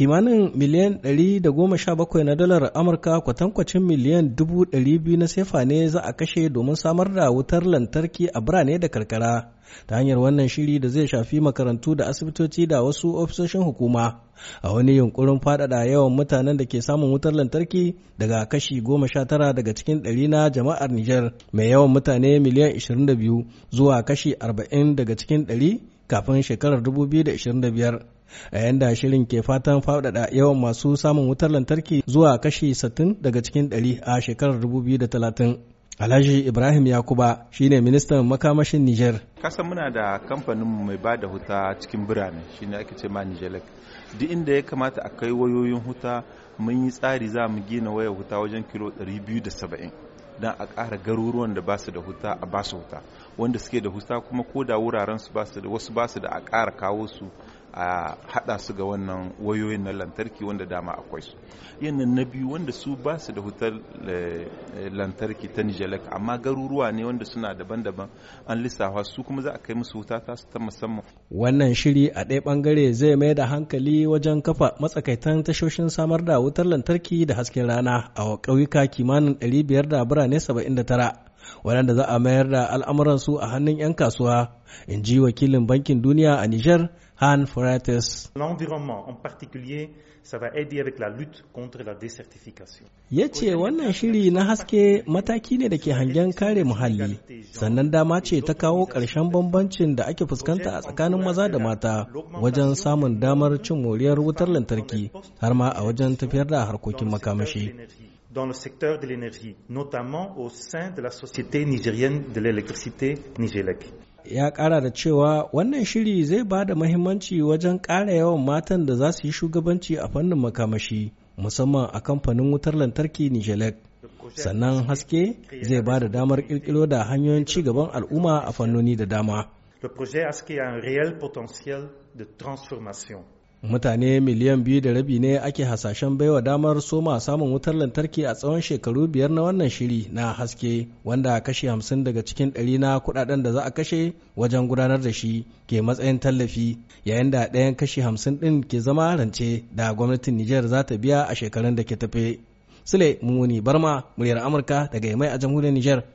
kimanin miliyan 117 na dalar amurka kwatankwacin miliyan 200 na sefa ne za a kashe domin samar da wutar lantarki a birane da karkara ta hanyar wannan shiri da zai shafi makarantu da asibitoci da wasu ofisoshin hukuma a wani yunkurin faɗaɗa yawan mutanen da ke samun wutar lantarki daga kashi 19 daga cikin 100 na jama'ar niger mai yawan mutane miliyan 22 zuwa kashi 40 daga cikin 100 kafin shekarar 2025 a yanda shirin ke fatan faɗaɗa yawan masu samun wutar lantarki zuwa kashi 60 daga cikin 100 a shekarar 2030. Alhaji Ibrahim Yakuba shine ministan makamashin Niger. Kasan muna da kamfanin mai ba da huta cikin birane shine ake ce ma Nijelek. Duk inda ya kamata a kai wayoyin huta mun yi tsari za mu gina wayar huta wajen kilo 270. don a ƙara garuruwan da basu da huta a basu huta wanda suke da huta kuma ko da wuraren su basu da wasu basu da a ƙara kawo su a hada su ga wannan wayoyin na lantarki wanda dama akwai su yannan na biyu wanda su ba su da hutar eh, lantarki ta nijalek amma garuruwa ne wanda suna daban-daban an lissafa su kuma za a kai musu wuta ta ta musamman wannan shiri a ɗaya bangare zai mai da hankali wajen kafa matsakaitan tashoshin samar da wutar lantarki da hasken rana a ƙauyuka kimanin 500 da birane 79 waɗanda za a mayar da al'amuransu a hannun 'yan kasuwa in ji wakilin bankin duniya a Nijar han Forates. L'environnement en particulier, ça va aider avec la lutte contre la désertification. Ya ce wannan shiri na haske mataki ne da ke hangen kare muhalli, sannan dama ce ta kawo ƙarshen bambancin da ake fuskanta a tsakanin maza da mata wajen samun damar cin moriyar wutar lantarki har ma a wajen tafiyar da harkokin makamashi. dans le secteur de l'énergie, notamment au sein de la Société nigérienne de l'électricité Nigélec. ya ƙara da cewa wannan shiri zai ba da mahimmanci wajen ƙara yawan matan da za su yi shugabanci a fannin makamashi musamman a kamfanin wutar lantarki nijelek sannan haske zai ba da damar ƙirƙiro da hanyoyin ci gaban al'umma a fannoni da dama Le projet a un transformation. mutane miliyan biyu da rabi ne ake hasashen baiwa damar soma samun wutar lantarki a tsawon shekaru biyar na wannan shiri na haske wanda kashe hamsin daga cikin ɗari na kuɗaɗen da za a kashe wajen gudanar da shi ke matsayin tallafi yayin da ɗayan kashe hamsin ɗin ke zama rance da gwamnatin nijar za ta biya a shekarun da ke tafe sule muni barma muryar amurka daga yamai a jamhuriyar nijar